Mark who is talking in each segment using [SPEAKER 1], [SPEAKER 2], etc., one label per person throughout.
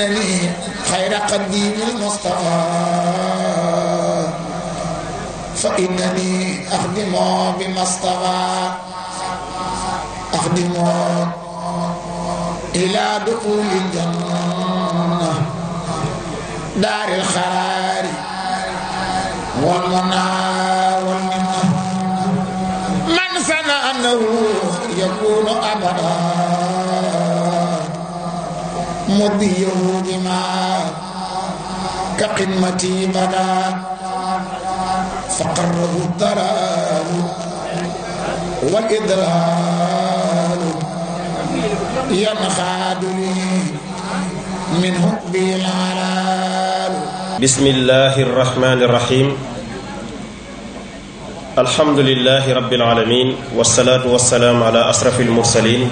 [SPEAKER 1] أنني خير قديم المصطفى فإنني أخدم بما اصطفى أخدم إلى دخول الجنة دار الخرار والمنى والمنى من سنى أنه يكون أبدا مضيه بما كقمتي بدا فقره الضلال والإضلال ينخاد لي
[SPEAKER 2] منه بالعلال
[SPEAKER 1] بسم الله الرحمن الرحيم الحمد لله رب العالمين والصلاة والسلام على أشرف المرسلين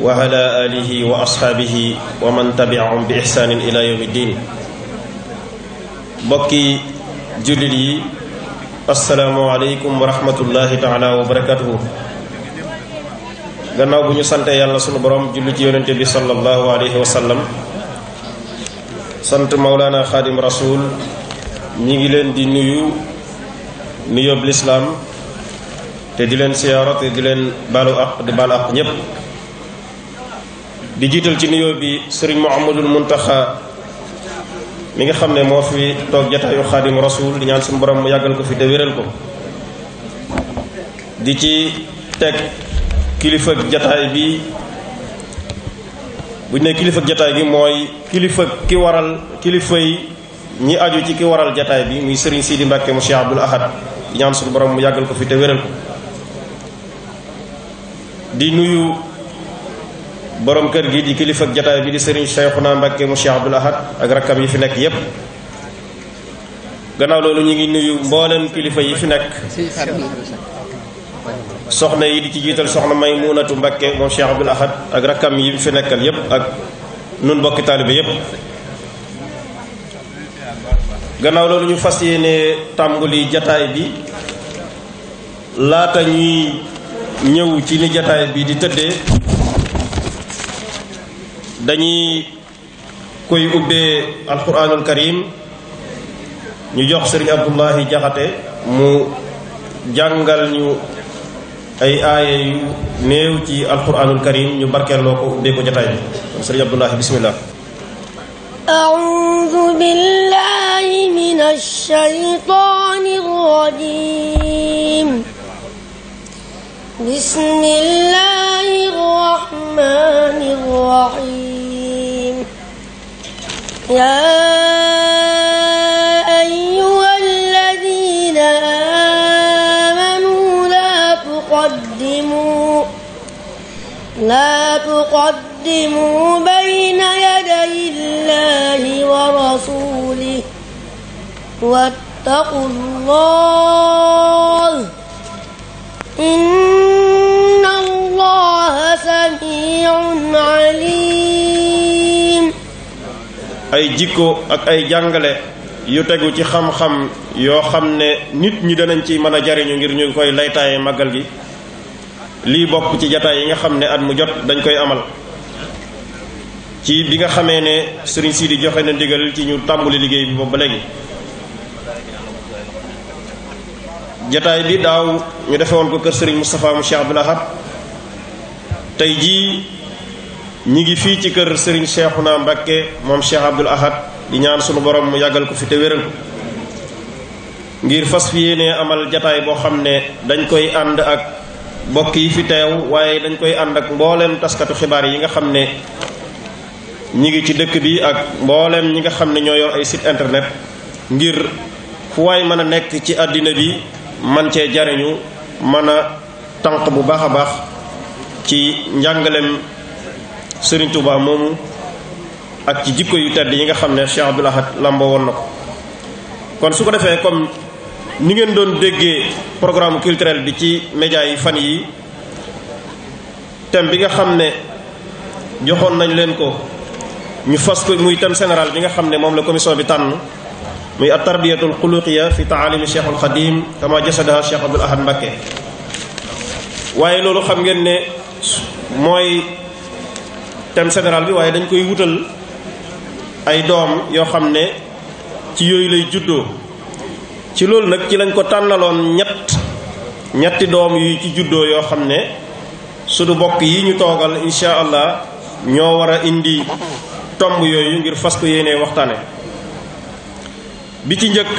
[SPEAKER 1] waa ala alihi wa ashaabihi wa man tabiahum bi ihsaanin ila yawmi diin mbokki jullit yi asalaamualeykum wa rahmatullahi taala wa barakatuhu gannaaw bu ñu sante yàlla sunu borom julli ci yonente bi sallallahu alayhi wa sant maulana xaadim rasul ñi ngi leen di nuyu nuyób lislaam te di leen siyaara te di leen baalu aq di baalu aq ñépp di jiital ci nuyoo bi sëriñ mun tax mi nga xam ne moo fi toog jataayu xaadim rasul di ñaan suñu borom mu yàggal ko fi te ci teg kilifa bi bu ne kilifa jataay bi mooy kilifa ki waral kilifa yi ñi aju ci waral jataay bi muy sëriñ Sidi Mbàkke mu suñu borom mu yàggal ko fi te wéral ko di nuyu borom kër gi di kilifa ak jataay bi di sëriñ Cheikhouna Mbacké mu Cheikh Abdoul Ahad ak rakkam yi fi nekk yépp gannaaw loolu ñu ngi nuyu mboolem kilifa yi fi nekk soxna yi di ci jiital soxna Maymunatu Mbacké moom Cheikh Abdoul Ahad ak rakkam yi fi nekkal yépp ak nun mbokki taalibe yépp gannaaw loolu ñu fas yéene tàmbali jataay bi laata ñuy ñëw ci ni jataay bi di tëddee dañuy koy ubbee alquranul karim ñu jox sëriñ abdullahi jaxate mu jàngal ñu ay aaya yu néew ci alquranul karim ñu barkeeloo ko ubbee jataay bi kon sëriñ bismillah بسم الله الرحمن الرحيم يا أيها الذين آمنوا لا تقدموا لا تقدموا بين يدي الله ورسوله واتقوا الله إن الله سميع عليم ay jikko ak ay jàngale yu tegu ci xam-xam yoo xam ne nit ñi danañ ci mën a jariñu ngir ñu koy laytaaye màggal gi lii bokk ci jataay yi nga xam ne at mu jot dañ koy amal ci bi nga xamee ne Serigne Sidi joxe na ndigal ci ñu tàmbali liggéey bi boobu ba léegi jataay bi daaw ñu defe woon ko kër sëriñ Moustapha mu Cheikh Abdoul Ahad tey jii ñi ngi fii ci kër sëriñ Cheikhouna Mbacké moom Cheikh Abdoul Ahad di ñaan sunu borom mu yàggal ko fi te wéral ngir fas fi yéene amal jataay boo xam ne dañ koy ànd ak bokk yi fi teew waaye dañ koy ànd ak mbooleem taskatu xibaar yi nga xam ne ñi ngi ci dëkk bi ak mbooleem ñi nga xam ne ñoo yor ay sit internet ngir fu waay mën a nekk ci àddina bi man cee jariñu mën a tànq bu baax a baax ci njàngaleem Serigne Touba moomu ak ci jikko yu tedd yi nga xam ne Cheikh Abdoul Ahad làmboo woon na ko kon su ko defee comme ni ngeen doon déggee programme culturel bi ci média yi fan yi thème bi nga xam ne joxoon nañ leen ko ñu fas ko muy thème général bi nga xam ne moom la commission bi tànn muy at tarbiyatul xuluqiya fi taalimi cheikhul xadim kama jasadaha cheikh abdul ahad mbakke waaye loolu xam ngeen ne mooy thème général bi waaye dañ koy wutal ay doom yoo xam ne ci yooyu lay juddoo ci loolu nag ci lañ ko tànnaloon ñett ñetti doom yu ci juddoo yoo xam ne sudu bokk yi ñu toogal insha allah ñoo war a indi tomb yooyu ngir fas ko yéenee waxtaane bi ci njëkk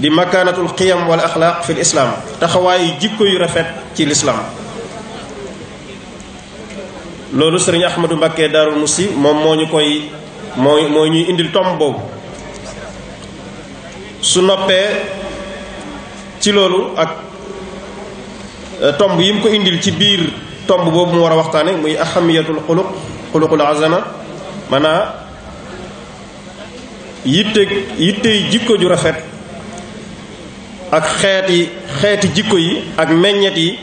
[SPEAKER 1] di makaanatul qiyam wal axlaaq fi lislaam taxawaayu jikko yu rafet ci lislaam loolu sëriñ ahmadu mbakke daarul musi moom moo ñu koy moo moo ñuy indil tomb boobu su noppee ci loolu ak e, tomb yi mu ko indil ci biir tomb boobu mu war a waxtaane muy ahamiyatul xuluq xuluqul azama maanaa yitte yittey jikko ju rafet ak xeeti xeeti jikko yi ak meññet yi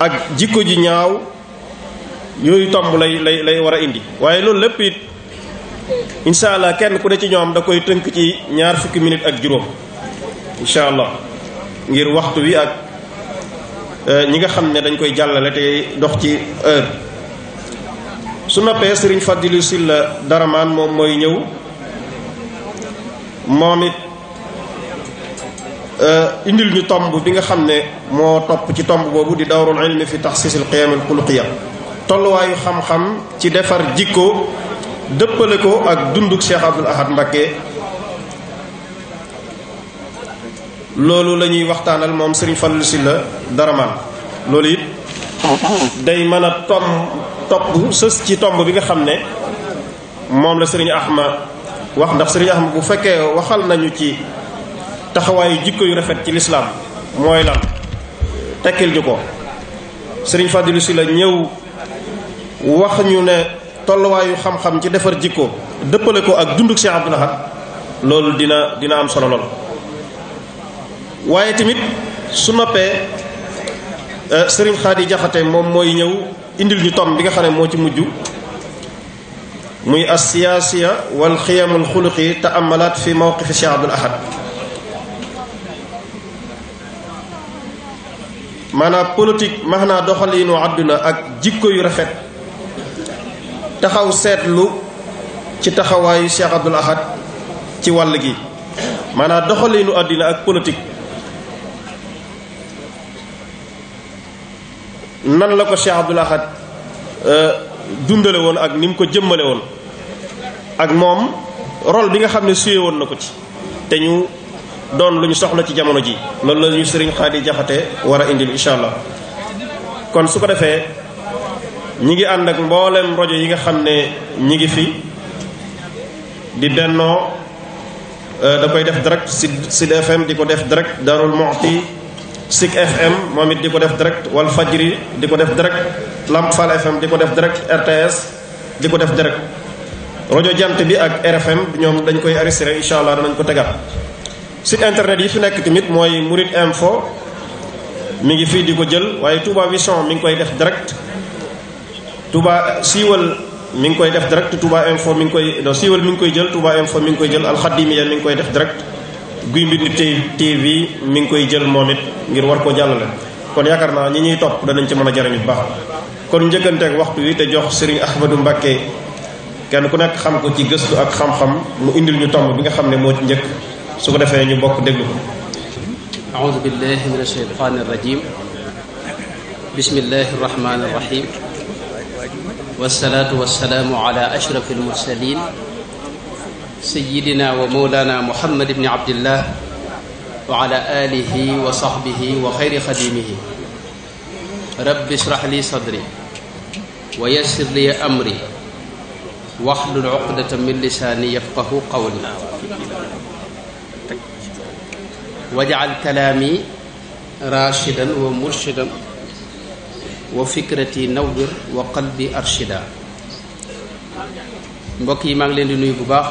[SPEAKER 1] ak jikko ji ñaaw yooyu tomb lay lay lay war a indi waaye loolu lépp it incha allah kenn ku ne ci ñoom da koy tënk ci ñaar fukki minute ak juróom incha allah ngir waxtu wi ak euh, ñi nga xam ne dañ koy jàllale te dox ci su noppee sëriñ Fadilou Sylla Daraman moom mooy ñëw moom it euh, indil ñu tomb bi nga xam ne moo topp ci tomb boobu di dawrul ilmi fi taxsiisil qiyaamil xuluqiya tolluwaayu xam-xam ci defar jikko dëppale ko ak dunduk Cheikh Abdoul Ahad Mbacké loolu lañuy ñuy waxtaanal moom Serigne Fallou Sylla Daraman loolu it day mën a tomb topp sës ci tomb bi nga xam ne moom la Serigne Ahmad wax ndax sëriñ Ahmad bu fekkee waxal nañu ci taxawaayu jikko yu rafet ci lislaam mooy lan tekkil ju ko sëriñ Fadilou si la ñëw wax ñu ne tolluwaayu xam-xam ci defar jikko dëppale ko ak dunduk Cheikh Abdou loolu dina dina am solo lool waaye tamit su noppee sëriñ Xaadi Jaxate moom mooy ñëw indil ñu tom bi nga xam ne moo ci mujj muy alsiyaasiya wal xiyamul xuluqi taamalaat fi mawqifi Cheikh Abdul Ahad maanaam politique max naa doxaliinu àdduna ak jikko yu rafet taxaw seetlu ci taxawaayu Cheikh Abdul Ahad ci wàll gi maanaam doxaliinu àddina ak politique nan la ko Cheikh Abdul Ahad euh, dundale woon ak ni mu ko jëmmale woon ak moom rôle bi nga xam ne suyee woon na ko ci te ñu doon lu ñu soxla ci jamono ji loolu la ñu sëriñ Xaadi Jaxate war a indil incha allah kon su ko defee ñi ngi ànd ak mbooleen rajo yi nga xam ne ñi ngi fi di bennoo euh, da koy def direct Sud FM di ko def direct Darul Muxti Sik FM moom it di ko def direct Walfajri di ko def direct Lamp Fall FM di ko def direct RTS di ko def direct rajo jant bi ak RFM ñoom dañ koy enregistré incha allah danañ ko tegaat site internet yi fi nekk tamit mooy Murid Info mu ngi fii di ko jël waaye Touba Vision mi ngi koy def direct Touba siiwal mi ngi koy def direct tubaa Info mi ngi koy non siiwal mi ngi koy jël tubaa Info mi ngi koy jël Alxadimiya mi ngi koy def direct Guy Mbind TV mi ngi koy jël moom it ngir war koo jàllale kon yaakaar naa ñi ñuy topp danañ ci mën a jariñ bu kon njëkkante ak waxtu wi te jox Serigne Ahmadou Mbacké kenn ku nekk xam ko ci gëstu ak xam-xam mu indil ñu tomb bi nga xam ne moo ci njëkk su ko defee ñu
[SPEAKER 2] bokk déglu ko aoudu billahi min asheytaani rajim bismillahi arrahmani arrahim wasalaatu wasalaamu ala ashrafi almursalin sayidina wa mawlana muhammad ibni abdillah rabbi israh li sadri wa yassir li amri waxlul uqdata min lisaani yafqahu qawli wajal kalaami raashidan wa murshidan wa fikrati nawwir wa qalbi arshida mbokk yi maa ngi leen di nuyu bu baax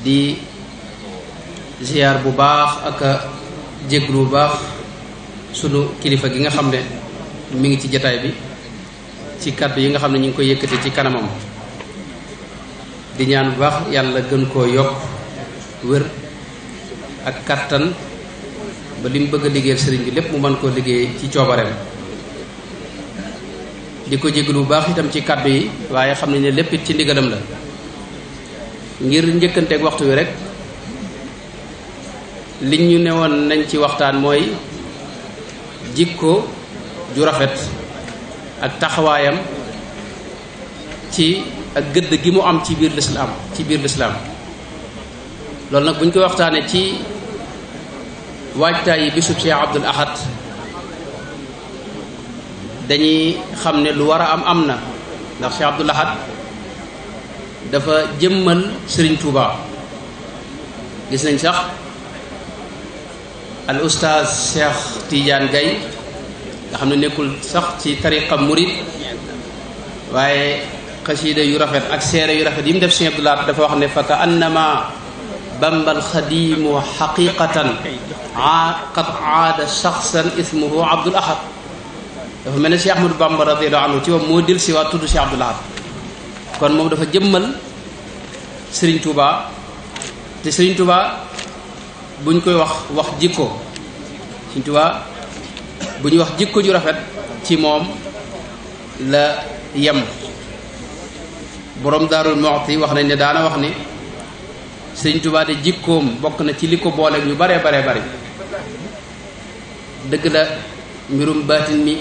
[SPEAKER 2] di ziyaar bu baax ak a lu baax sunu kilifa gi nga xam ne mi ngi ci jataay bi ci kàddu yi nga xam ne ñu ngi koy yëkkati ci kanamam di ñaan bu baax yàlla gën koo yokk wér ak kattan ba li mu bëgg a liggéeyal sëriñ bi lépp mu mën koo liggéey ci coobareem di ko jégalu bu baax itam ci kàddu yi waaye xam ne ne lépp ci ndigalam la ngir njëkkanteeg waxtu wi rek liñ ñu ne woon nañ ci waxtaan mooy jikko ju rafet ak taxawaayam ci ak gëdd gi mu am ci biir lislaam ci biir lislaam loolu nag bu ñu koy waxtaanee ci waajtaay yi bisub Cheikh Abdul Ahad dañuy xam ne lu war a am am na ndax Cheikh Abdul Ahad dafa jëmmal Sëriñ Tuubaa gis nañ sax al ustaaz Cheikh Tidiane gay nga xam ne nekkul sax ci tariqa murid waaye xasiida yu rafet ak seere yu rafet yi mu def Sëñ Abdou Lahad dafa wax ne fa ka annama bambal xadiimu xaqiqatan qad aada shaxsan ismuhu Abdul Ahad dafa mel ne Cheikh Ahmadou Bamba radiyallahu anhu ci moom moo del si waa tudd Cheikh Abdou Lahad kon moom dafa jëmmal Serigne Touba te Serigne Touba buñ koy wax wax jikko Serigne Touba bu ñu wax jikko ju rafet ci moom la yem borom daarul moxti wax nañ ne daana wax ni sëñ Tuubaa jikkoom bokk na ci li ko boole yu baree baree bari dëgg la mbirum baatin mi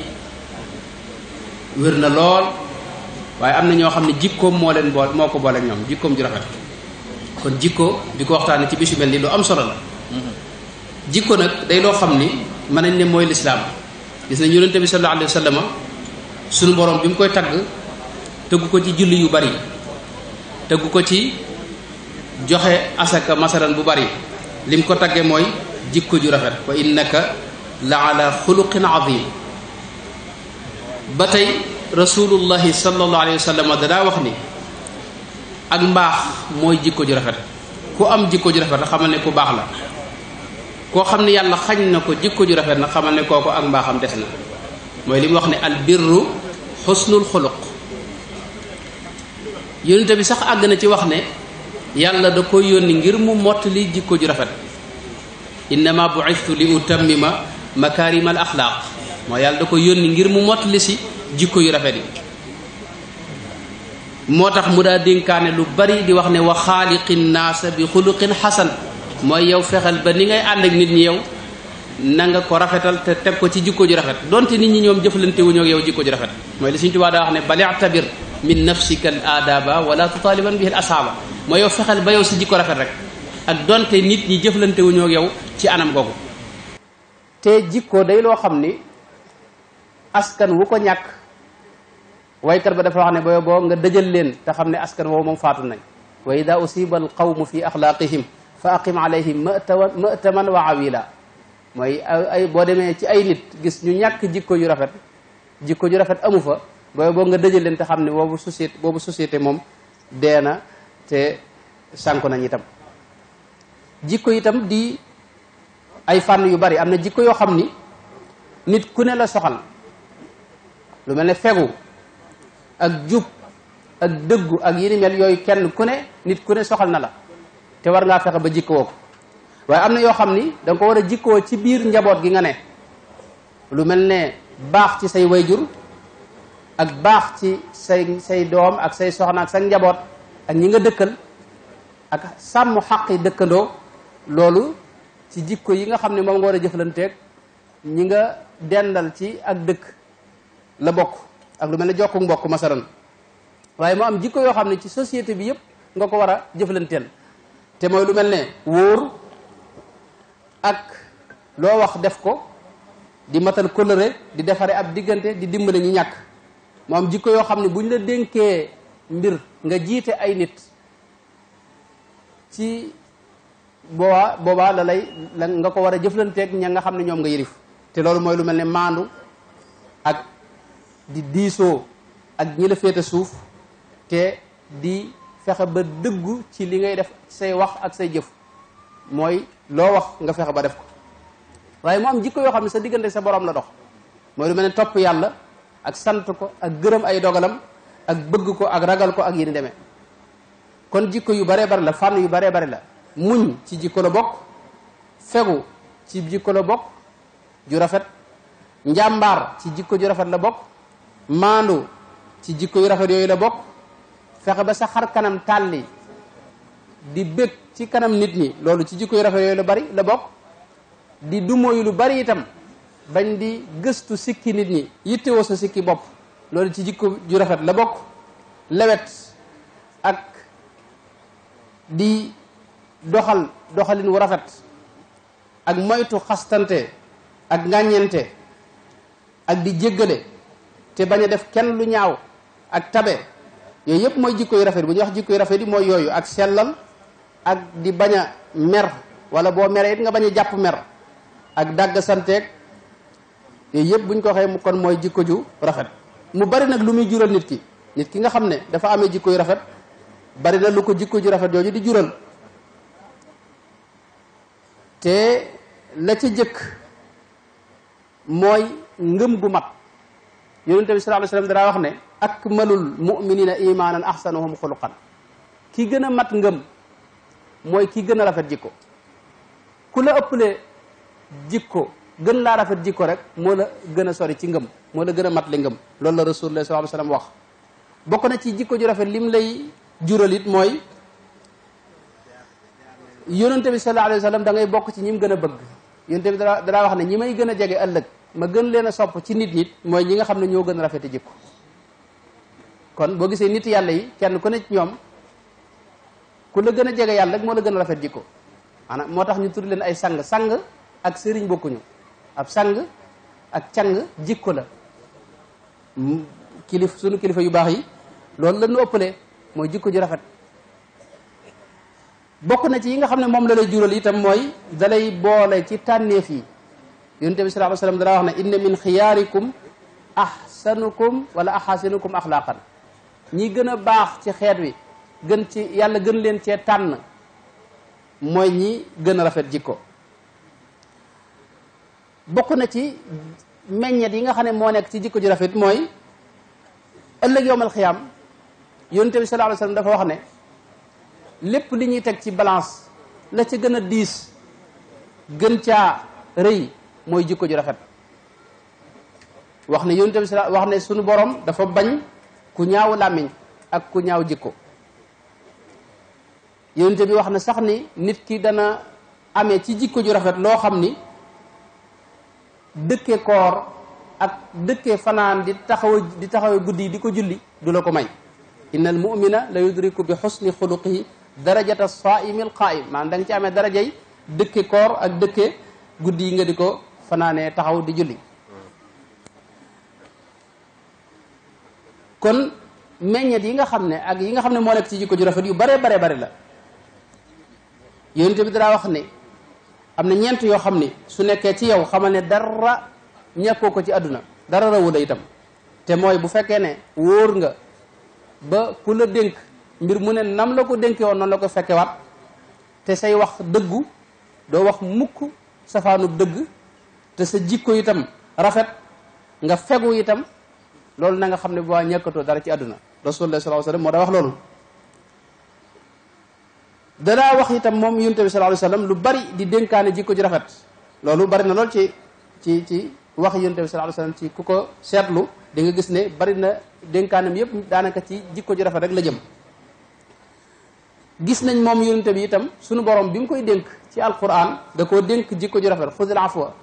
[SPEAKER 2] wér na lool waaye am na ñoo xam ne jikkoom moo leen boole moo ko boole ñoom jikkoom ju rafet kon jikko di ko waxtaane ci bisu mel ni lu am solo la mm-hmm. jikko nag day loo xam ni mën nañ ne mooy lislaam gis nañ yonente bi sallallahu alayhi wa sallam borom bi mu koy tagg tegu ko ci julli yu bari tegu ko ci joxe asaka masalan bu bari lim ko taggee mooy jikko ju rafet wa innaka la ala xuluqin azim ba tey rasulullahi sallallahu alayhi wa sallam wax ni ak mbaax mooy jikko ju rafet ku am jikko ju rafet a xamal ne ku baax la koo xam ne yàlla xañ na ko jikko ju rafet na xamal ne koo ko ak mbaaxam des na mooy li wax ne al birru xusnul xuluq yónnte bi sax àgg na ci wax ne yàlla da ko yónni ngir mu mottali jikko ju rafet innama bu'istu li utammima makaarima al axlaaq mooy yàlla da ko yónni ngir mu mottali si jikko yu rafet yi moo tax mu daa dénkaane lu bari di wax ne wa xaaliqin naasa bi xuluqin xasan mooy yow fexeel ba ni ngay ànd ak nit ñi yow na nga ko rafetal te teg ko ci jikko ju rafet donte nit ñi ñoom jëflante wuñu yow jikko ju rafet mooy li Sëriñ Tuubaa daa wax ne bal i'tabir min nafsika al aadaba wala tutaaliban bihi al asaaba mooy yow fexeel ba yow si jikko rafet rek ak donte nit ñi jëflante yow ci anam googu te jikko day loo xam ni askan wu ko ñàkk waykat ba dafa wax ne booy boo nga dëjal leen te xam ne askan woowu moom faatu nañ wa ida usiba qawmu fi axlaaqihim fa aqim alayhim matawa mataman wa la mooy ay boo demee ci ay nit gis ñu ñàkk jikko yu rafet jikko yu rafet amu fa booy nga dëjal leen te xam ne boobu société boobu société moom dee na te sànku nañ itam jikko yitam di ay fànn yu bari am na jikko yoo xam ni nit ku ne la soxal lu mel ne fegu ak jub ak dëggu ak yi ni mel yooyu kenn ku ne nit ku ne soxal na la te war ngaa fexe ba jikkoo ko waaye am na yoo xam ni da ko war a jikkoo ci biir njaboot gi nga ne lu mel ne baax ci say wayjur ak baax ci say say doom ak say soxna ak sa njaboot ak ñi nga dëkkal ak sàmm xaqi dëkkandoo loolu ci jikko yi nga xam ne moom nga war a jëflanteeg ñi nga dendal ci ak dëkk la bokk ak lu mel ne jokku mbokk masaran waaye moo am jikko yoo xam ne ci société bi yëpp nga ko war a jëflanteel te mooy lu mel ne wóor ak loo wax def ko di matal kóllëre di defare ab diggante di dimbale ñi ñàkk moom jikko yoo xam ne bu ñu la dénkee mbir nga jiite ay nit ci boobaa boobaa la lay nga ko war a jëflanteeg ña nga xam ne ñoom nga yërif te loolu mooy lu mel ne maandu ak di diisoo ak ñi la suuf te di fexe ba dëggu ci li ngay def say wax ak say jëf mooy loo wax nga fexe ba def ko waaye mu am jikko yoo xam ne sa diggante sa borom la dox mooy lu mel ne topp yàlla ak sant ko ak gërëm ay dogalam ak bëgg ko ak ragal ko ak yéen demee kon jikko yu baree bari la fànn yu baree bari la muñ ci jikko la bokk fegu ci jikko la bokk ju rafet njàmbaar ci jikko ju rafet la bokk maandu ci jikko yu rafet yooyu la bokk fexe ba sa xar kanam tàlli di bëgg ci kanam nit ñi loolu ci jikko yu rafet yooyu lu bari la bokk di dumóoyu lu bari itam bañ di gëstu sikki nit ñi yittewoo sa sikki bopp loolu ci jikko ju rafet la bokk lawet ak di doxal doxalin wu rafet ak moytu xastante ak ngàññente ak di jéggale te bañ a def kenn lu ñaaw ak tabe yooyu yëpp mooy jikko yu rafet bu ñuy wax jikko rafet yi mooy yooyu ak sellal ak di bañ a mer wala boo meree it nga bañ a jàpp mer ak dàgg santeeg yooyu yëpp buñ ko waxee mu kon mooy jikko ju rafet mu bari nag lu muy jural nit ki nit ki nga xam ne dafa ame jikko yu rafet bari na lu ko jikko ju rafet yooyu di jural te la ca jëkk mooy ngëm gu mat yonente bi sallallahu alayhi wasallam wax ne akmalul muminina imanan ahsanuhum xuluqan ki gën a mat ngëm mooy ki gën a rafet jikko ku la ëpp ëppale jikko gën laa rafet jikko rek moo la gën a sori ci ngëm moo la gën a mat li ngëm loolu la rasulullah sallallahu alayhi wasallam wax bokk na ci jikko ju rafet li mu lay jural it mooy yonente bi sallallahu alayhi wasallam da ngay bokk ci ñi mu gën a bëgg yonente bi da daa wax ne ñi may gën a jege ëllëg ma gën leen a sopp ci nit nit mooy ñi nga xam ne ñoo gën a rafeti jikko kon boo gisee nit yàlla yi kenn ku ne ci ñoom ku la gën a jege yàlla rek moo la gën a rafet jikko maanaam moo tax ñu tudd leen ay sang sang ak sëriñ bokkuñu ab sang ak càng jikko la kilif sunu kilifa yu baax yi loolu la ñu ëppalee mooy jikko ju rafet bokk na ci yi nga xam ne moom la lay jural itam mooy da lay boole ci tànneef yi yonent bi sallallahu alayhi wa sallam dara wax ne inna min xiyaarikum ahsanukum wala ahasinukum axlaaqan ñi gën a baax ci xeet wi gën ci yàlla gën leen cee tànn mooy ñi gën a rafet jikko bokk na ci meññet yi nga xam ne moo nekk ci jikko ji rafet mooy ëllëg yowmal xiyaam yonente bi sallallahu alayhi wasallam dafa wax ne lépp li ñuy teg ci balance la ci gën a diis gën caa rëy mooy jikko ju rafet wax ne yonente bi wax ne sunu borom dafa bañ ku ñaaw làmmiñ ak ku ñaaw jikko yonent bi wax na sax ni nit ki dana ame ci jikko ju rafet loo xam ni dëkke koor ak dëkke fanaan di taxaw di taxawe guddi yi di ko julli du la ko may inna al mumina la yudriku bi xusni xuluqihi darajata saaimi al qaim maanaam da nga ci amee darajay dëkke koor ak dëkke guddi yi nga di ko fanaanee taxaw di julli kon meññeet yi nga xam ne ak yi nga xam ne moo nekk ci jikko ju rafet yu bare bare bare la yonent bi dara wax ne am na ñeent yoo xam ne su nekkee ci yow xamal ne dara ñàkkoo ko ci àdduna dara rawu la itam te mooy bu fekkee ne wóor nga ba ku la dénk mbir mu ne nam la ko dénke woon noonu la ko fekkee waat te say wax dëggu doo wax mukk safaanu dëgg te sa jikko itam rafet nga fegu itam loolu na nga xam ne bu waa ñàkkatoo dara ci àdduna rasulullah sallallahu alayhi wasallam moo daa wax loolu danaa wax itam moom yonent bi sallallahu alayhi lu bari di dénkaane jikko ji rafet loolu bari na lool ci ci ci wax yonent bi sallallahu ci ku ko seetlu di nga gis ne bari na dénkaanam yëpp daanaka ci jikko ji rafet rek la jëm gis nañ moom yonent bi itam sunu borom bi mu koy dénk ci alquran da koo dénk jikko ji rafet xudil afwa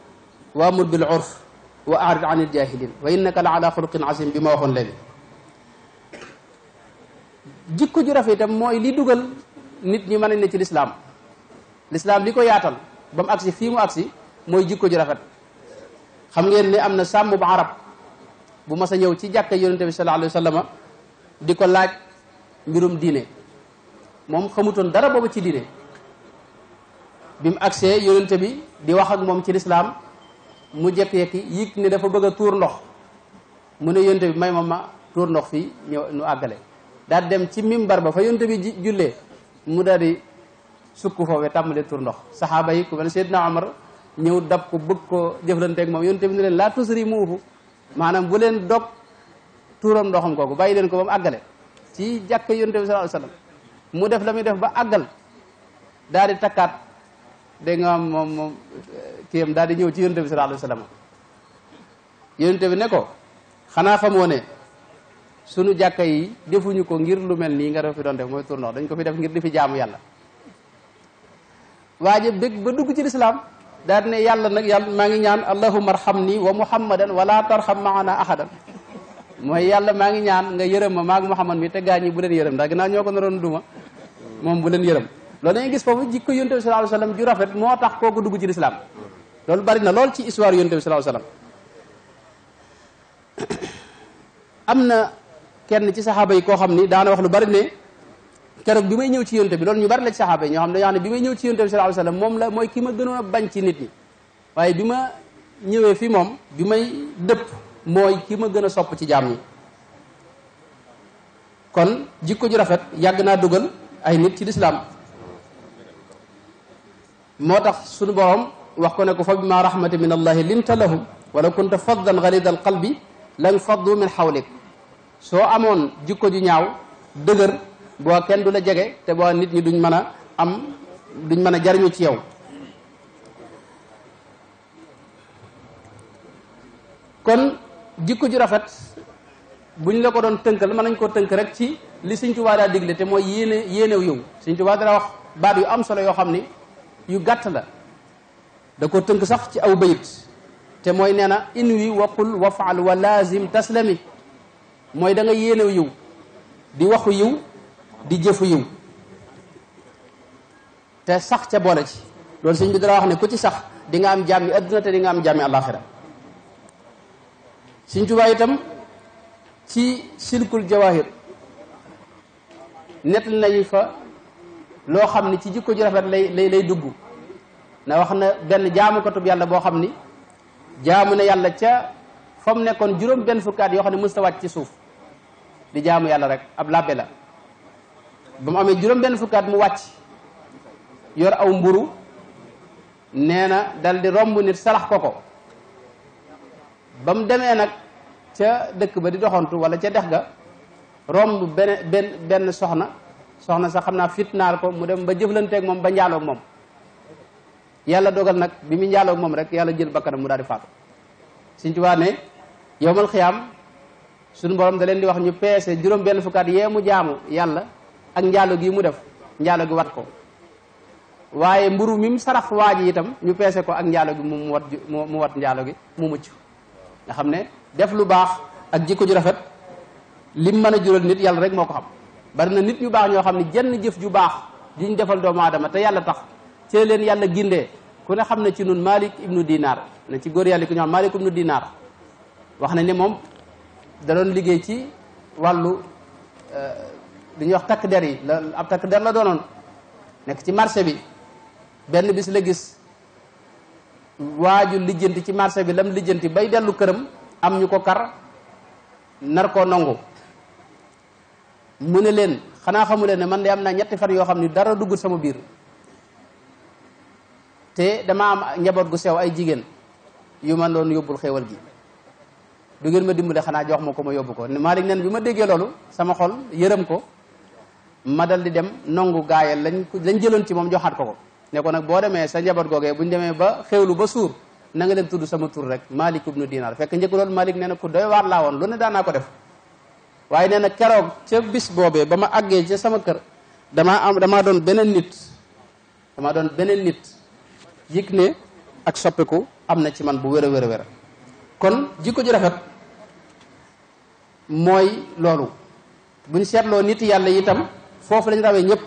[SPEAKER 2] waamur bil urf wa arid an iljahilin wa innaka la ala xuluqin azim bi ma waxoon léegi jikko ju rafet mooy li dugal nit ñi man a ne ci lislaam lislaam li ko yaatal bam mu agsi fii mu agsi mooy jikko ju rafet xam ngeen ne am na sàmm ba arab bu mas a ñëw ci jàkka yonente bi sallallahu alayhi wa sallama di ko laaj mbirum diine moom xamutoon dara boobu ci diine bi mu agsee yonente bi di wax ak moom ci lislaam mu jekki-jekki yëg ne dafa bëgg a tuur ndox mu ne yonte bi may ma ma tuur ndox fii ñëw nu àggale daal dem ci mimbar ba fa yonte bi jullee mu daal di sukk foofee tàmmalee tuur ndox saxaaba yi ku mel ne Seydina Omar ñëw dab ko bëgg ko jëflanteeg moom yonte bi ne leen laa mu muufu maanaam bu leen dog tuuram ndoxam kooku bàyyi leen ko ba mu àggale ci jàkk yonte bi sallallahu alayhi mu def la muy def ba àggal daal di takkaat dégg nga am moom moom kiyam daal ñëw ci yonent bi sallallahu alayhi wa sallam yonent bi ne ko xanaa xamoo ne sunu jàkka yi defuñu ko ngir lu mel nii nga def fi doon def mooy tournoi dañ ko fi def ngir di fi jaamu yàlla waa ji bëgg ba dugg ci lislaam daal ne yàlla nag yàlla maa ngi ñaan allahumma arhamni wa muhammadan wala tarham maana ahadan mooy yàlla maa ngi ñaan nga yërëm ma maag muhammad mi te gaañ ñi bu leen yërëm ndax ginnaaw ñoo ko naroon duma moom bu leen loolu dañuy gis foofu jikko yonte bi sallallahu alayhi wasallam rafet moo tax kooku dugg ci lislaam loolu bari na lool ci histoire yonte bi sallallahu alayhi wasallam am na kenn ci saxaaba yi koo xam ni daana wax lu bari ne keroog bi may ñëw ci yonte bi loolu ñu bari la ci saxaaba yi ñoo xam ne dañoo ne bi may ñëw ci yonte bi sallallahu alayhi wasallam moom la mooy ki ma gënoon bañ ci nit ñi waaye bi ma ñëwee fi moom bi may dëpp mooy ki ma gën a sopp ci jaam ñi kon jikko ju rafet yàgg naa dugal ay nit ci lislaam moo tax suñu borom wax ko ne ko fa bi ma rahmati min allahi linta lahum wala kunta faddan galida al qalbi lan faddu min xawlik soo amoon jikko ju ñaaw dëgër boo kenn du la jege te nit ñi duñ mën a am duñ mën a jariñu ci yow kon jikko ju rafet buñ la ko doon tënkal mën nañ koo tënk rek ci li Sëñ Tuubaa daa digle te mooy yéene yéenew yow Sëñ Tuubaa daa wax baat yu am solo yoo xam ni yu gàtt la da ko tënk sax ci aw bayit te mooy nee na in wi waqul wafaal wa laazim taslami mooy danga nga yéenew di waxu yiw di jëfu yiw te sax ca boole ci loolu sëñ bi dara wax ne ku ci sax di nga am jàmmi adduna te di nga am jàmmi alaxira sëñ Tuubaa itam ci silkul jawahir nettali nañu fa loo xam ni ci jikko ju rafet lay lay lay dugg na wax na benn jaamukatub yàlla boo xam ni jaamu na yàlla ca fa mu nekkoon juróom benn fukki at yoo xam ne mësta wàcc suuf di jaamu yàlla rek ab labbe la ba amee juróom benn mu wàcc yor aw mburu nee na dal di romb nit salax ko ko ba mu demee nag ca dëkk ba di doxantu wala ca dex ga romb benn benn soxna soxna sax xam naa fitnaal ko mu dem ba jëflanteeg moom ba njaaloog moom yàlla dogal nag bi mu njaaloog moom rek yàlla jël bakkanam mu daal di faatu Sëñ Tuubaa ne yowmal xiyaam suñu borom da leen di wax ñu peese juróom benn fukkaat yee mu jaamu yàlla ak njaalo gi mu def njaalo gi wat ko waaye mburu mi mu sarax waa ji itam ñu peese ko ak njaalo gi mu mu wat njaalo gi mu mucc nga xam ne def lu baax ak jikko ju rafet lim mën a jural nit yàlla rek moo ko xam bari na nit ñu baax ñoo xam ne jenn jëf ju baax juñ defal doomu aadama te yàlla tax ci leen yàlla gindee ku ne xam ne ci nun Malik ibnu Dinar na ci góor yàlla ku ñu xam Malik ibnu Dinar wax na ni moom da doon liggéey ci wàllu euh, li ñuy wax takk der yi la ab takk der la doonoon nekk ci marché bi benn bis la gis waaju lijjanti ci marché bi lam lijjanti bay dellu këram am ñu ko kar nar koo nangu mu ne leen xanaa xamu leen ne man de am naa ñetti fan yoo xam ni dara duggut sama biir te dama am njaboot gu sew ay jigéen yu man doon yóbbul xewal gi du ngeen ma dimbale xanaa jox ma ko ma yóbbu ko Malick neen bi ma déggee sama xol yërëm ko ma dal di dem nongu gaayal lañ lañ jëloon ci moom joxaat ko ko ne ko nag boo demee sa njaboot googee buñ demee ba xewlu ba suur na nga leen tudd sama tur rek Malick ibnu Dinar fekk njëkk loolu Malick nee ku doy waar laa woon lu ne daanaa ko def waaye nee na keroog ca bis boobee ba ma àggee ca sama kër damaa am damaa doon beneen nit damaa doon beneen nit yëg ne ak soppiku am na ci man bu wér a wér a wér kon jikko ju rafet mooy loolu buñ seetloo nit yàlla itam foofu lañ rawee ñëpp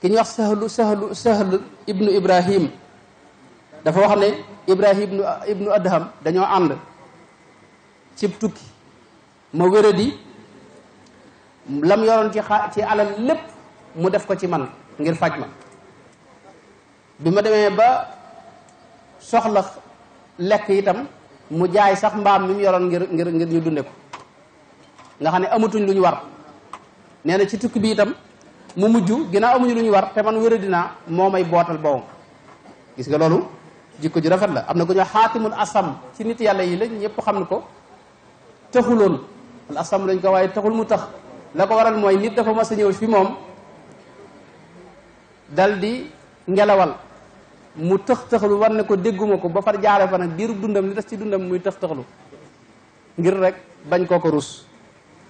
[SPEAKER 2] ki ñuy wax sahlu sahlu sahlu ibnu ibrahim dafa wax ne ibrahim ibnu adham dañoo ànd cib tukki ma wéradi lam yoroon ci xa ci alal lépp mu def ko ci man ngir faj ma bi ma demee ba soxla lekk itam mu jaay sax mbaam mi mu yoroon ngir ngir ngir ñu dunde ko nga xam ne amatuñ lu ñu war nee na ci tukki bi itam mu mujj ginnaaw amuñu lu ñu war te man wéradi naa moo may bootal bawam gis nga loolu jikko ju rafet la am na ku ñu xaatimul asam ci nit yàlla yi lañ ñëpp xam ne ko tëxuloon al asam lañ ko waaye taxul mu tax la ko waral mooy nit dafa mas a ñëw fi moom dal di ngelawal mu tëx tëxlu war ne ko dégguma ko ba far jaare fa nag diirub dundam li des ci dundam muy tëx tëxlu ngir rek bañ koo ko rus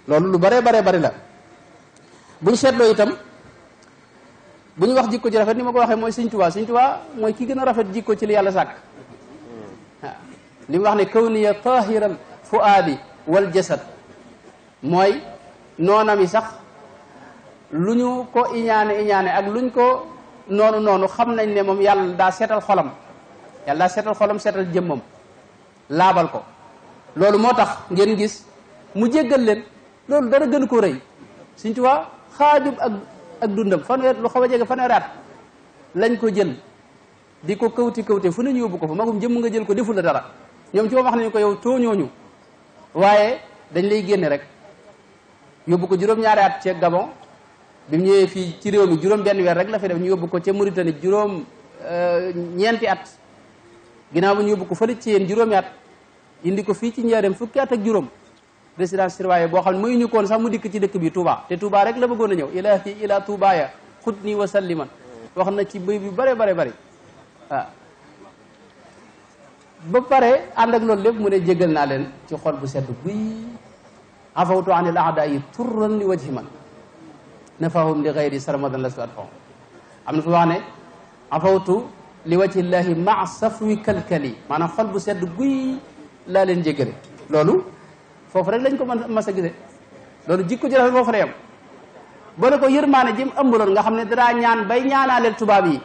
[SPEAKER 2] loolu lu bare bare bari la buñ seetloo itam bu ñu wax jikko ci rafet ni ma ko waxee mooy Sëñ Tuubaa Sëñ Tuubaa mooy ki gën a rafet jikko ci li yàlla sàkk waaw li mu wax ne kaw niya tahiral fuaadi wal jasad mooy noonam yi sax lu ñu ko iñaane iñaane ak luñ ko noonu noonu xam nañ ne moom yàlla daa seetal xolam yàlla daa seetal xolam seetal jëmmam laabal ko loolu moo tax ngeen gis mu jéggal leen loolu dara gën koo rëy Sëñ Tuubaa xaajub ak ak dundam fanweer lu xaw a jege fanweer at lañ ko jël di ko kawti kawte fu ne ñu yóbbu ko fa magum jëmm nga jël ko deful la dara ñoom ci wax nañu ko yow tooñooñu waaye dañ lay génne rek yóbbu ko juróom-ñaari at ca Gabon bi mu ñëwee fii ci réew mi juróom benn weer rek la fi def ñu yóbbu ko ca Mauritanie juróom euh, ñeenti at ginnaaw bu ñu yóbbu ko fële ci yéen juróomi at indi ko fii ci njaareem fukki at ak juróom résidence surveillée boo xam ne mayuñu koon sax mu dikk ci dëkk bi Touba te Touba rek la bëggoon a ñëw ilaahi ila Touba ya xut nii wa salliman wax na ci bay bi bare bare bëri ba pare ànd ak loolu lépp mu ne jégal naa leen ci xol bu afawtu an il aada yi turran li wajhi man nafahum li gayri sarmadan lastu adfaw am na fu wax ne afawtu li wajhi llahi maa safwi kalkali maanaam xol bu sedd guy laa leen jéggale loolu foofu rek lañ ko mën mas a gise loolu jikko ji rafet foofu rek yam boo ne ko yërmaane jëm ëmbaloon nga xam ne danaa ñaan bay ñaanaaleel tubaab yi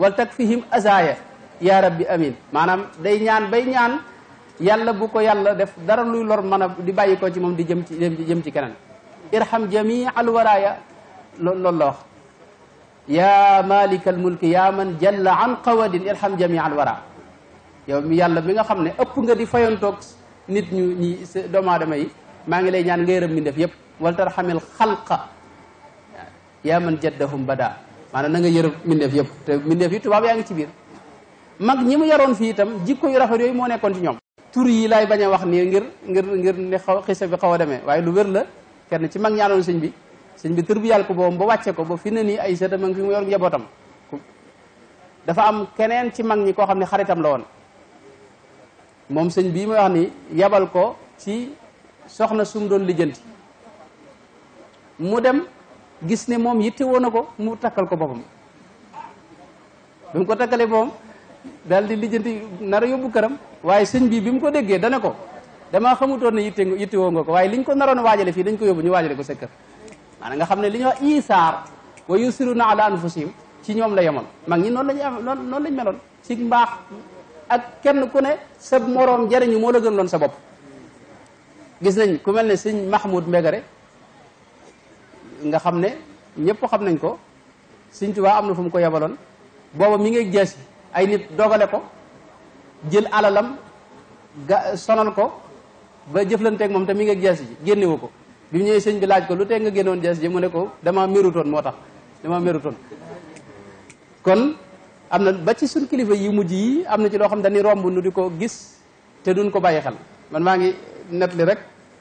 [SPEAKER 2] wal takfihim azaaya ya rabbi amin maanaam day ñaan bay ñaan yàlla bu ko yàlla def dara luy lor man a di bàyyi ko ci moom di jëm ci jëm ci keneen irham jamii al waraaya loolu loolu la wax yaa malikal mulki yaa man jalla an qawadin irham jamii al wara yow mi yàlla mi nga xam ne ëpp nga di fayontoog nit ñu ñi doomu aadama yi maa ngi lay ñaan nga yërëm mi def yëpp wal tarhamil xalqa yaa man jaddahum bada maanaam na nga yërëm mbindeef yëpp te mbindeef yi tubaab yaa ngi ci biir mag ñi mu yaroon fii itam jikko yu rafet yooyu moo nekkoon ci ñoom tur yi laay bañ wax nii ngir ngir ngir ne xaw xisa bi xaw a demee waaye lu wér la kenn ci mag ñaanoon sëñ bi sëñ bi tër bu yàlla ko boobam ba wàcce ko ba fi ne nii ay sëtam a ngi fi dafa am keneen ci mag ñi koo xam ne xaritam la woon sëñ bii may wax ni yabal ko ci soxna sum doon lijjanti mu dem gis ne moom yitte woon na ko mu takkal ko boppam bi mu ko takkalee moom daal di lijjanti nar a yóbbu këram waaye sëñ bii bi mu ko déggee dana ko damaa xamutoon ne yitte yitte woo nga ko waaye liñ ko naroon a waajale fii dañ ko yóbbu ñu waajale ko sa kër maanaam nga xam ne li ñuy wax isaar wa yusiruna ala anfusihim ci ñoom la yemoon mag ñi noonu lañu am noonu lañ meloon ci mbaax ak kenn ku ne sa moroom jariñu moo la gën loon sa bopp nañ ku mel ne sëñ Mahmoud Mbégare nga xam ne ñëpp xam nañ ko sëñ Tuubaa am na fu mu ko yebaloon booba mi ngi jaasi ay nit dogale ko jël alalam ga sonal ko ba jëflanteeg moom te mi ngi ak jaasi ji génnewu ko bi mu ñëwee sëñ bi laaj ko lu tee nga génnoon jaasi ji mu ne ko dama mérutoon moo tax dama mérutoon kon am na ba ci suñ kilifa yi mujj yi am na ci loo xam dañuy romb nu di ko gis te duñ ko bàyyi xel man maa ngi net li rek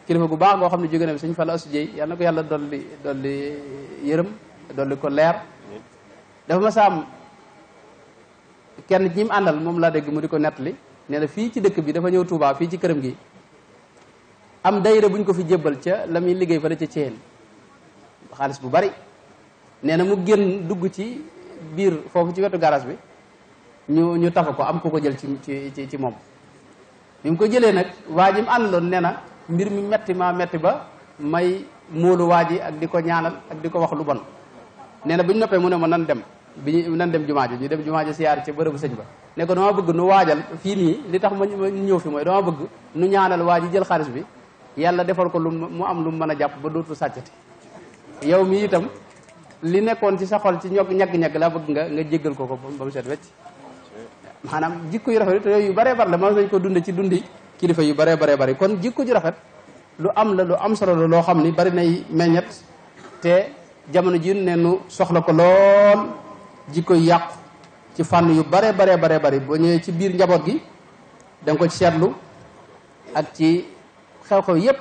[SPEAKER 2] kilifa gu baax ngoo xam ne jóge na sëñ Fallou Assou Dieye ko yàlla dolli dolli yërëm dolli ko leer dafa ma saam kenn ji mu àndal moom laa dégg mu di ko nettali nee na fii ci dëkk bi dafa ñëw Touba fii ci këram gi am dayira buñ ko fi jébbal ca la muy liggéey fa da ca ceen xaalis bu bari nee na mu génn dugg ci biir foofu ci wetu garage bi ñu ñu tafa ko am ku ko jël ci ci ci moom bi ngi ko jëlee nag waa ji mu àndaloon nee na mbir mi metti ma metti ba may móolu waa ji ak di ko ñaanal ak di ko wax lu bon nee na bu ñu noppee mu ne ma nan dem bi ñu nan dem jumaa ji ñu dem jumaa ji siyaar ci bërëbu sëñ ba ne ko dama bëgg nu waajal fii nii li tax ma ñëw fi mooy dama bëgg nu ñaanal waa ji jël xaalis bi yàlla defal ko lu mu am lu mu man a jàpp ba dootu sàccati yow mi itam li nekkoon ci sa xol ci ñog ñagg-ñagg laa bëgg nga nga jéggal ko ko ba mu set wecc maanaam jikko yu rafet yu bare bare la mën nañ ko dunde ci dundi kilifa yu bare bare bare kon jikko ju rafet lu am la lu am solo la loo xam ni bari nay meññet te jamono ji ne nu soxla ko lool jikko yàqu ci fànn yu bare bare bare bari boo ñëwee ci biir njaboot gi da ko ci seetlu ak ci xew-xew yépp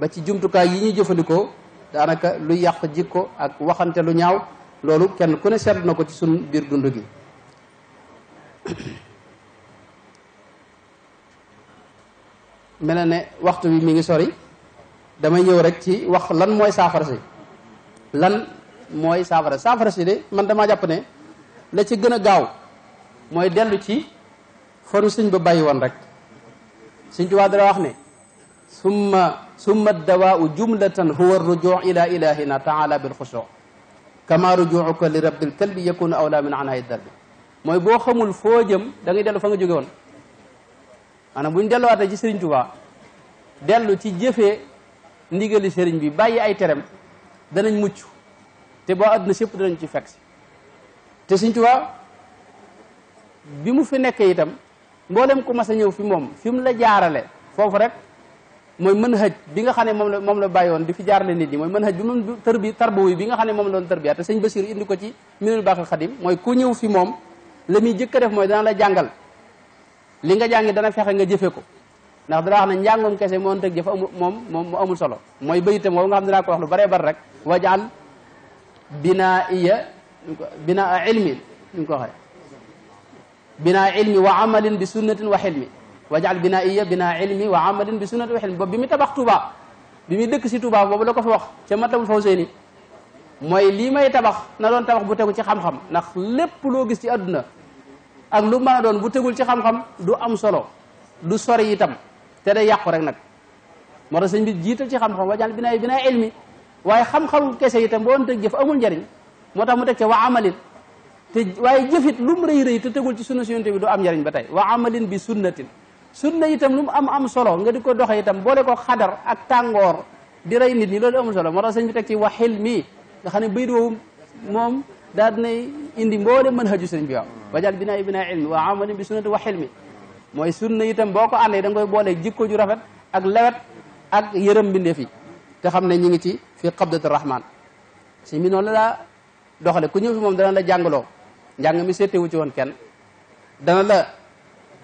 [SPEAKER 2] ba ci jumtukaay yi ñuy jëfandikoo daanaka lu yàq jikko ak waxante lu ñaaw loolu kenn ku ne seetlu na ko ci sunu biir dund gi mel waxtu bi mi ngi sori damay ñëw rek ci wax lan mooy saafara si lan mooy saafara saafara si de man damaa jàpp ne la ci gën a gaaw mooy dellu ci faru sëñ ba bàyyi woon rek sëñ Tuubaa dara wax ne summa summa dawaau jumlatan huwa rujuu ila ilahina taala bil xusuu kama rujuuka li rabbil kalbi yakunu awla min anaayi darbi mooy boo xamul foo jëm da ngay fa nga jóge woon maanaam bu ci sëriñ Tuubaa dellu ci jëfe ndigali sëriñ bi bàyyi ay terem danañ mucc te boo àdduna sépp danañ ci fekk si te Sëñ Tuubaa bi mu fi nekk itam mboolem ku mas a ñëw fi moom fi mu la jaarale foofu rek mooy mën hëj bi nga xam ne moom la moom la bàyyoon di fi jaarale nit ñi mooy mën hëj bi moom tër bi tarbawi bi nga xam ne moom la doon tarbiya te Sëñ Basiir indi ko ci minul baaxal xadim mooy ku ñëw fi moom la muy jëkk def mooy dana la jàngal li nga jàngi dana fexe nga jëfe ko ndax dara wax ne njàngum kese moon tëg jëf amul moom moom mu amul solo mooy bayitam woowu nga xam ne lu bare bare rek binaa iya binaa ilmin ñu ngi ko waxee binaa ilmi wa amalin bi sunnatin wa xilmi wajaal binaa iya binaa ilmi wa amalin bi sunnatin wa xilmi boobu bi mu tabax Touba bi muy dëkk si Touba boobu la ko fa wax ca matlabul fawseyni mooy lii may tabax na doon tabax bu tegu ci xam-xam ndax lépp loo gis ci àdduna ak lu ma a doon bu tegul ci xam-xam du am solo du sori itam te day yàqu rek nag moo tax sëñ bi jiital ci xam-xam wajaal binaa binaa ilmi waaye xam-xamu kese itam boo teg jëf amul njariñ moo tax mu teg ca wa amalit te waaye jëfit lu mu rëy rëy te tegul ci sunna si yonent bi du am njariñ ba tey wa amalin bi sunnatin sunna itam lu mu am am solo nga di ko doxe itam boole ko xadar ak tàngoor di rey nit ñi loolu amul solo moo tax bi teg ci wa xilmi nga xam ne bayit woowu moom daal na indi mboole mën haju sëñ bi waaw wajal binaa i binaa ilmi wa amalin bi sunnati wa xilmi mooy sunna itam boo ko àndee danga koy boole jikko ju rafet ak lewet ak yërëm mbindeef yi te xam ne ñu ngi ci fi qabdati rahman si mi la daa doxale ku ñëw fi moom dana la jàngaloo njàng mi seetewu ci woon kenn dana la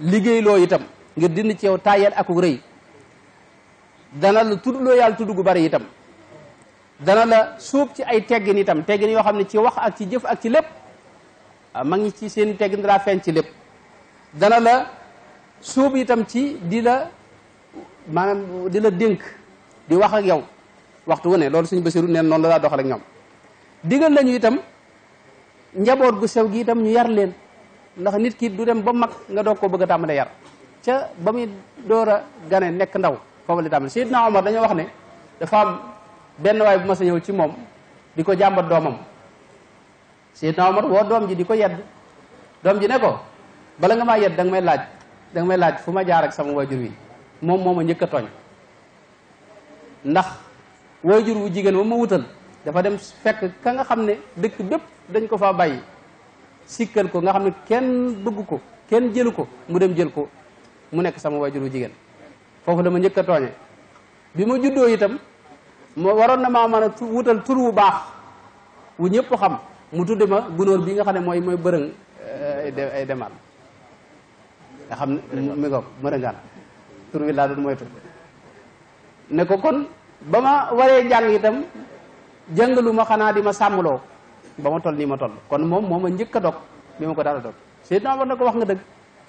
[SPEAKER 2] liggéeyloo itam ngir dind ci yow taayal ak rëy dana la tuddloo yàlla tudd gu bari itam dana la suub ci ay teggin itam teggin yoo xam ne ci wax ak ci jëf ak ci lépp mag ah, ma ngi ci seen teggin daa feeñ ci lépp dana la suub itam ci di la dénk di wax ak yow waxtu wu ne loolu suñ basiru neen noonu la daa doxal ak ñoom digal lañu itam njaboot gu sew gi itam ñu yar leen ndax nit ki du dem ba mag nga doog koo bëgg a tàmbalee yar ca ba muy door a gane nekk ndaw foofu la tàmbalee Seydina Omar dañoo wax ne dafa am benn waay bu ma sa ñëw ci moom di ko jàmbat doomam Seydina Omar woo doom ji di ko yedd doom ji ne ko bala nga maa yedd da may laaj da may laaj fu ma jaar ak sama waajur wi moom moo ma njëkk a tooñ waajur wu jigéen ba ma wutal dafa dem fekk ka nga xam ne dëkk bépp dañ ko fa bàyyi sikkal ko nga xam ne kenn bëgg ko kenn jëlu ko mu dem jël ko mu nekk sama waajur wu jigéen foofu la ma njëkk a tooñe bi ma juddoo itam ma waroon na mën a wutal tur wu baax wu xam mu tudde ma gunóor bi nga xam ne mooy mooy bërëng eh, ay demaat nga xam ne mi ngoog mërëngaan tur wi laa doon moytu ne kon ba ma waree jàng itam jàngalu ma xanaa di ma sàmmloo ba ma toll nii ma toll kon moom moo ma njëkk a dog bi ma ko dara dog Seydina Omar ko wax nga dëgg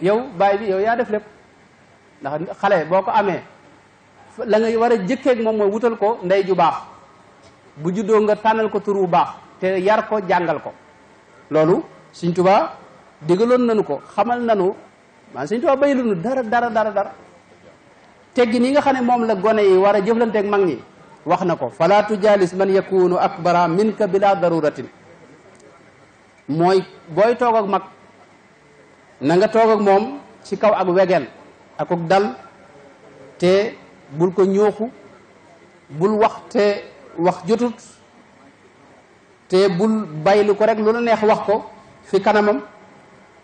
[SPEAKER 2] yow baay bi yow yaa def lépp ndax xale boo ko amee la nga war a jëkkee moom mooy wutal ko ndey ju baax bu juddoo nga tànnal ko tur bu baax te yar ko jàngal ko loolu Sëñ Tuubaa digaloon nanu ko xamal nanu man Sëñ Tuubaa bayilu nu dara dara dara dara teggin yi nga xam ne moom la gone yi war a jëflanteeg mag ñi wax na ko fala tujaalis man yakunu akbara minka bila daruratin mooy booy toog ak mag na nga toog ak moom ci kaw ak wegeel ak ak dal te bul ko ñooxu bul wax te wax jotut te bul baylu ko rek lu la neex wax ko fi kanamam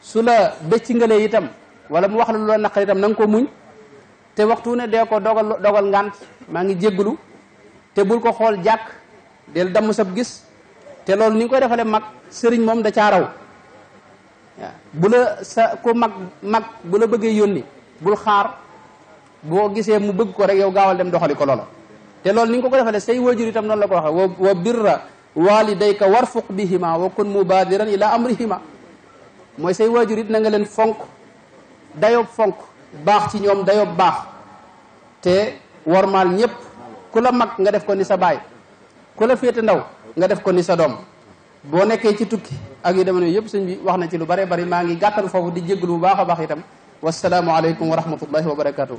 [SPEAKER 2] su la bëcc itam wala mu wax la lu la naqar itam na nga ko muñ te waxtu ne dee ko dogal dogal ngant maa ngi jégglu te bul ko xool jàkk del damm sab gis te loolu ni nga koy defale mag sëriñ moom da caa raw waaw bu la mag mag bu la bëggee yónni bul xaar boo gisee mu bëgg ko rek yow gaawal dem doxali ko loola te loolu ni nga ko defalee say waajur itam noonu la ko waxee wa birra walidayka kon bihima wa yi mubadiran am amrihima mooy say waajur it nanga leen fonk dayoob fonk baax ci ñoom dayo baax te wormaal ñépp ku la mag nga def ko ni sa baay ku la féete ndaw nga def ko ni sa doom boo nekkee ci tukki ak yu demee noonu yëpp sëñ bi wax na ci lu bare bari maa ngi gàttal foofu di jégalu bu baax a baax itam wasalaamualeykum wa rahmatullahi wa barakaatu.